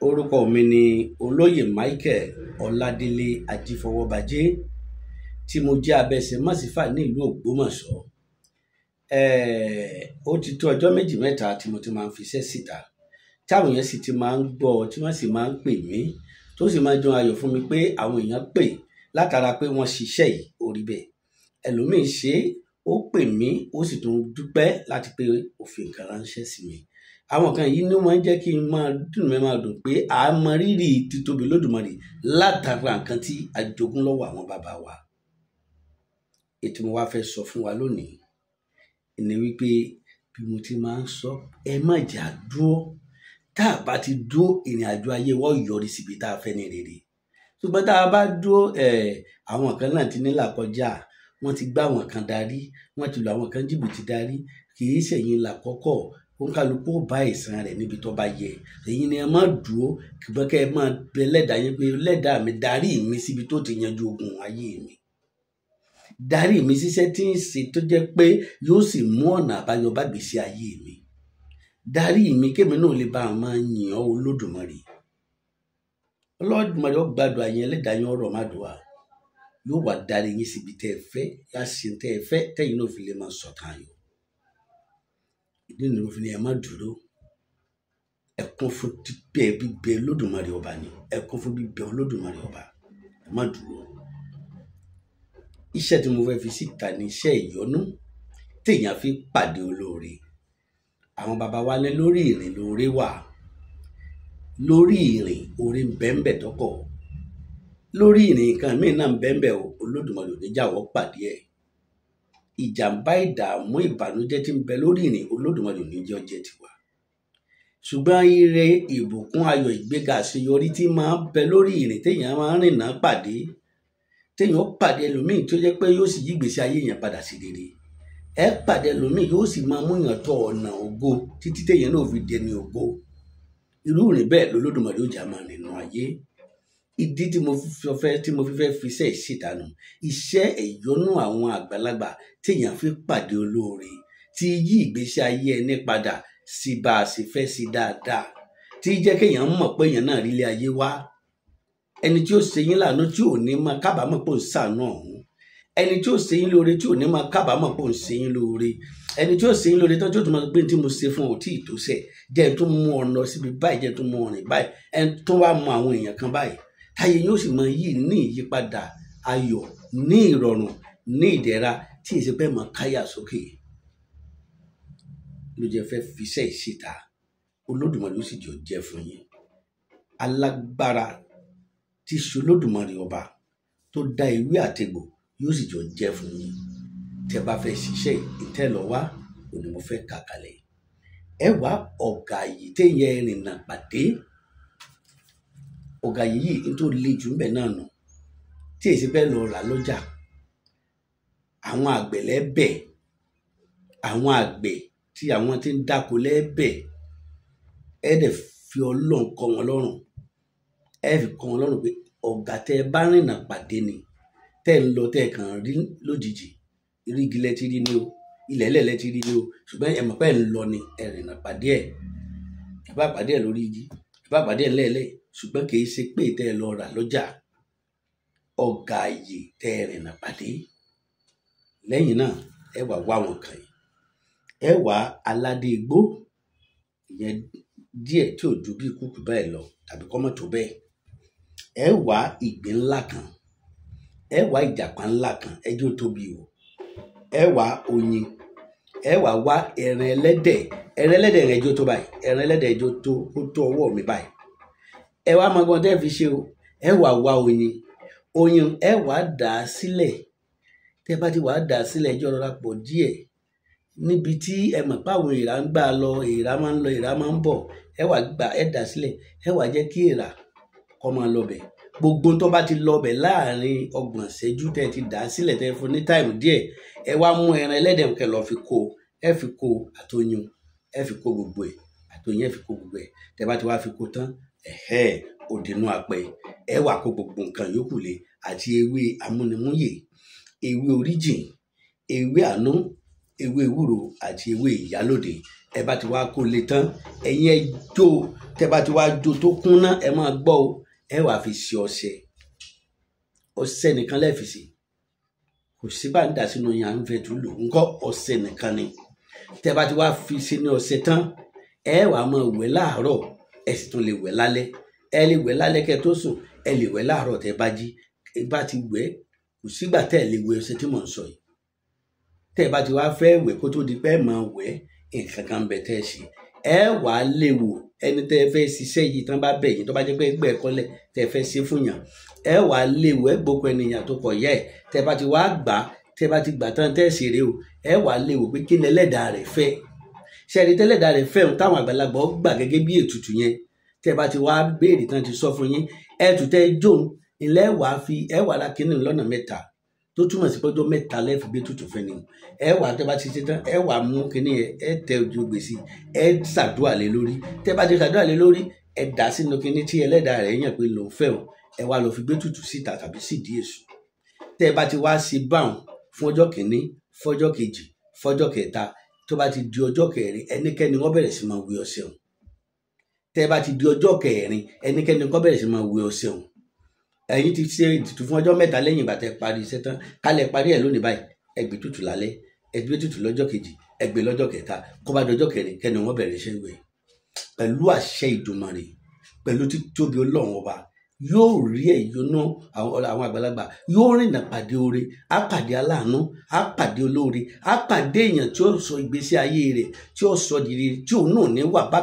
orúkọ mi ni olóyè michael ọládélé ajífọwọ́bajé tí mo jẹ́ abẹsẹ̀mọ́sífà nílùú ògbómọ̀ṣọ́ ó ti tó ọjọ́ méjì mẹ́ta tí mo ti máa ń fiṣẹ́ síta táwọn èèyàn sì ti máa ń gbọ́ tí wọ́n sì máa ń pè mí tó sì máa ń dùn ayọ̀ fún mi pé àwọn èèyàn pè látara pé wọ́n ṣiṣẹ́ yìí orí bẹ́ẹ̀ ẹlòmíín ṣe ó pè mí ó sì tún dúpẹ́ láti pé òfin kan ránṣẹ́ sí mi àwọn kan yìí ni wọ́n jẹ́ kí n máa dùn mí máa dùn pé a mọ rírì títóbi lódùmarè látara nǹkan tí a jogún lọ́wọ́ àwọn bàbá wa ètò mo wá fẹ́ sọ fún wa lónìí ni wípé bí mo ti máa ń sọ ẹ má jà dúró tá a bá ti dúró ìrìn àjò ayé wọ́n yọrí síbi tá a fẹ́ ní rere ṣùgbọ́n tá a bá dúró àwọn kan náà ti nílà kọjá wọ́n ti gbá àwọn kan darí wọ́n ti lò àwọn kan jìbìtì darí kì í ṣẹ̀yìn là olúkàlùkù ó bá ìsan rẹ̀ níbi tó bá yẹ èyí ni ẹ má dúró ṣùgbọ́n kẹ́ ẹ má bẹ lẹ́dàá yín pé lẹ́dàá mi darí mi síbi tó ti yanjú ogun ayé mi darí mi ṣiṣẹ́ tí ń ṣe tó jẹ́ pé yóò sì mú ọ̀nà àbáyọ bá gbèsè ayé mi darí mi kémi náà lè bá a máa yìn ọ́ olódùmarè olódùmarè ó gbàdúrà yẹn lẹ́dàá yẹn ọ̀rọ̀ má dùn á yóò wá darí yín síbi tẹ́ ẹ fẹ́ yá sí tẹ́ ẹ fẹ́ tẹ́yìn náà fi lè máa sọ̀tàn ayọ̀ ìdí nìyẹn òfin ni ẹ má dúró ẹ kún fún bíbẹ bíbẹ Olódùmarè ọba ni ẹ kún fún bíbẹ Olódùmarè ọba ẹ má dúró iṣẹ́ tí mo fẹ́ fi síta ni iṣẹ́ ìyọ́nú téèyàn fi pàdé olóore àwọn baba wa ní lórí ìrìn lóore wà lórí ìrìn oore ń bẹ́ńbẹ́ tọkọ̀ lórí ìrìn nǹkan míì náà ń bẹ́ńbẹ́ o Olódùmarè ò ní jáwọ́ pàdé ẹ̀ ìjàmbá ìdààmú ìbànújẹ tí ń bẹ lórí ìrìn olódùmarè ní jẹ́ tiwa ṣùgbọ́n ire ìbùkún ayọ̀ ìgbéga àṣeyọrí tí máa ń bẹ lórí ìrìn téèyàn máa ń rìnnà pàdé téèyàn pàdé ẹlòmíì tó jẹ́ pé yóò sì yí ìgbésí ayé yẹn padà sí rere ẹ pàdé ẹlòmíì yóò sì máa mú ọ̀nà ògo títí ìdí tí mo fẹ́ tí mo fi fẹ́ fi iṣẹ́ ìṣèdánù iṣẹ́ ìyọnú àwọn àgbàlagbà téèyàn fi pàdé olóore tí yí ìgbésí ayé ẹni padà sí bá a sì fẹ́ sí dáadáa tí jẹ́ kéèyàn mọ̀ pé èèyàn náà rí ayé wá ẹni tí ó ṣe yín tí ò ní máa kábàámọ̀ pò ń ṣàánú ọ̀hún ẹni tí ó ṣe lóore tí ò ní máa kábàámọ̀ pò ń ṣe lóore ẹni tí ó ṣe lóore tọ́jú tó máa gbé tí mo ṣe fún ọ tí ì tó mú ọ lọ síbi báyìí jẹ́ ẹ mú ọ rìn báyìí ẹ tún wá mọ àwọn èèyàn kan báyìí táyé yóò sì máa yí ní ìyípadà ayọ̀ ní ìrọ̀rùn ní ìdẹ̀ra tí èsì pẹ́ mọ̀ káyà sókè ló jẹ́ fẹ́ fiṣẹ́ ìṣìta olódùmarè ó sì jọ jẹ́ fún yín alágbára tí ṣe ọba tó dá ewé àtegbò yóò sì jọ jẹ́ fún yín tẹ bá fẹ́ ṣiṣẹ́ ìtẹ́lọ́wá òní mo fẹ́ kàkàlẹ̀ ẹ wá ọ̀gá yìí téèyàn ẹ̀rìnà pàdé ọ̀gá yìí nítorí le jù ń bẹ̀ náà nù tí èsì bẹ́ẹ̀ lọ rà lọ́jà àwọn àgbẹ̀ lẹ́bẹ̀ àwọn àgbẹ̀ tí àwọn ti ń dáko lẹ́bẹ̀ ẹ dẹ̀ fi ọlọ́run kọ́ wọn lọ́rùn ẹ fi kọ́ wọn lọ́rùn pé ọ̀gá tẹ́ bá rìnà pàdé ni tẹ́ ẹ ń lọ tẹ́ ẹ kàn rí lójijì irígi lẹ́tí rí ni o ilẹ̀ ẹlẹ́ ti rí ni o ṣùgbọ́n ẹ mọ̀ pé ẹ ń lọ ni ẹ rìnà pàdé ẹ ẹ bá pàdé ẹ lórí igi bàbá dẹ̀ lẹ́lẹ́ ṣùgbọ́n kì í ṣe pé tẹ́ ẹ lọ rà lọ́jà ọ̀gá àyè tẹ́ ẹ rìnà pàdé lẹ́yìn náà ẹ wà wá wọn kàn yìí ẹ wà aládé igbó ìyẹn díẹ̀ tí ò ju bí kúkú bẹ́ẹ̀ lọ tàbí kọ́mọ̀ tó bẹ́ẹ̀ ẹ wà ìgbín ńlá kan ẹ wà ìjàpá ńlá kan ẹjọ́ tóbi o ẹ wà oyin ẹ wà wá ẹran ẹlẹ́dẹ̀ ẹran ẹlẹ́dẹ̀ rẹ̀ jó tó báyìí ẹran ẹlẹ́dẹ̀ jó tó ó tó ọwọ́ mi báyìí ẹ wá máa gbọ́n tẹ́ fi ṣe o ẹ wà wá oyin oyin ẹ wà dà á sílẹ̀ tẹ́ bá ti wà á dà á sílẹ̀ ẹjọ́ rọra pọ̀ díẹ̀ níbi tí ẹ mọ̀ páwọn èèrà ń gbà lọ èèrà máa ń lọ èèrà máa ń bọ̀ ẹ wà gbà ẹ dà sílẹ̀ ẹ wà jẹ́ kí èèrà kọ́ máa lọ bẹ̀ gbogbo tó bá ti lọ bẹ̀ láàrin ọgbọ̀n ṣẹ́jú tẹ́ ti dà á sílẹ̀ tẹ́ fún ní táìmù díẹ̀ ẹ wá mú ẹran ẹlẹ́dẹ̀ kẹ lọ fi kó ẹ fi kó àtọyún ẹ fi kó gbogbo ẹ àtọyún ẹ fi kó gbogbo ẹ tẹ bá ti wá fi kó tán ẹ̀hẹ́ òdìnnú apẹ ẹ wà kó gbogbo nǹkan yòókù lé àti ewé amúnimúyè ewé oríjìn ewé àánú ewé ewúro àti ewé ìyálòdè ẹ bá ti wá kó lè tán ẹ̀yin ẹ jó tẹ bá ti wá jó tó kún náà ẹ máa gbọ́ ẹ wàá fi ṣe ọṣẹ ọṣẹ nìkan lẹ́ẹ̀fì kò sí bá ń dà sínú yẹn à ń fẹ́ tún lò ńkọ́ ọṣẹ nìkan ni tẹ́ bá ti wá fi sínú ọṣẹ tán ẹ wà á máa wẹ̀ láàárọ̀ ẹ sì tún lè wẹ̀ lálẹ́ ẹ lè wẹ̀ lálẹ́ kẹ́ tó sùn ẹ lè wẹ̀ láàárọ̀ tẹ́ bá jí ẹ bá ti wẹ̀ kò sígbà tẹ́ lè wẹ̀ ọṣẹ tí mò ń sọ yìí tẹ́ bá ti wá fẹ́ wẹ̀ kó tó di pé ẹ máa nǹkan kan bẹ̀ tẹ́ ṣe ẹ wà á lè wò ẹni tẹ́ ẹ fẹ́ ṣiṣẹ́ yìí tán bá bẹ̀ yìí tó bá jẹ́ pé ẹgbẹ́ ẹ̀kọ́lẹ̀ tẹ́ ẹ fẹ́ ṣe fún yàn ẹ wà á lè wò ẹ gbogbo ènìyàn tó kọ̀ yẹ ẹ tẹ́ bá ti wá gbà tẹ́ bá ti gbà tán tẹ́ ẹ rè o ẹ wà á lè wò pé kí ni ẹlẹ́dàá rẹ̀ fẹ́ ṣe ẹni tẹ́lẹ̀dàá rẹ̀ fẹ́ òun táwọn àgbàlagbà gbà gẹ́gẹ́ bí ètùtù yẹn tẹ́ bá ti wá béèrè tán ti sọ fún yín ẹ tù tẹ́ jóun ilẹ̀ wàá fi ẹ wà á la kínní lọ́nà mẹ́ta tó túmọ̀ sí pọ́jọ́ mẹ́ta lẹ́fì bí tútù fẹ́ ni ẹ wà tẹ́ bá ti ṣe tán ẹ wà mú kínní yẹn ẹ tẹ ojú gbèsè ẹ ṣàdúrà lé lórí tẹ́ bá ti ṣàdúrà lé lórí ẹ dà sínú kínní tí ẹlẹ́dàá rẹ̀ yàn pé lòún fẹ́ o ẹ wá lọ fi gbé tútù síta tàbí sídi èṣù tẹ́ bá ti wá sí báwọn fún ọjọ́ kìíní fọjọ́ kejì fọjọ́ kẹta tó bá ti di ọjọ́ kẹrin ẹnikẹ́ni wọ́n bẹ̀rẹ̀ sí máa wí ọṣẹ tẹ́ bá ti di ọjọ́ kẹrin ẹnikẹ́ni wọ́n bẹ̀rẹ̀ sí máa wí ọṣẹ ẹ̀yin ti ṣe ètùtù fún ọjọ́ mẹ́ta lẹ́yìn ìgbà tẹ́ parí iṣẹ́ tán kálẹ̀ parí ẹ̀ lónìí báyìí ẹgbẹ́ tutù lálẹ́ ẹgbẹ́ tutù lọ́jọ́ kejì ẹgbẹ́ lọ́jọ́ kẹta kó bá dọjọ́ kẹrin kẹ́ni wọ́n bẹ̀rẹ̀ iṣẹ́ ìwé pẹ̀lú àṣẹ Ìdùmarè pẹ̀lú títóbi Ọlọ́run ọba yóò rí ẹ̀yọ́nú àwọn àgbàlagbà yóò rìnà pàdé oore á pàdé aláàánú á pàdé olóore á pàdé èèyàn tí ó sọ ìgbésí ayé rẹ̀ tí ó sọ di tí òun náà ní wà bá.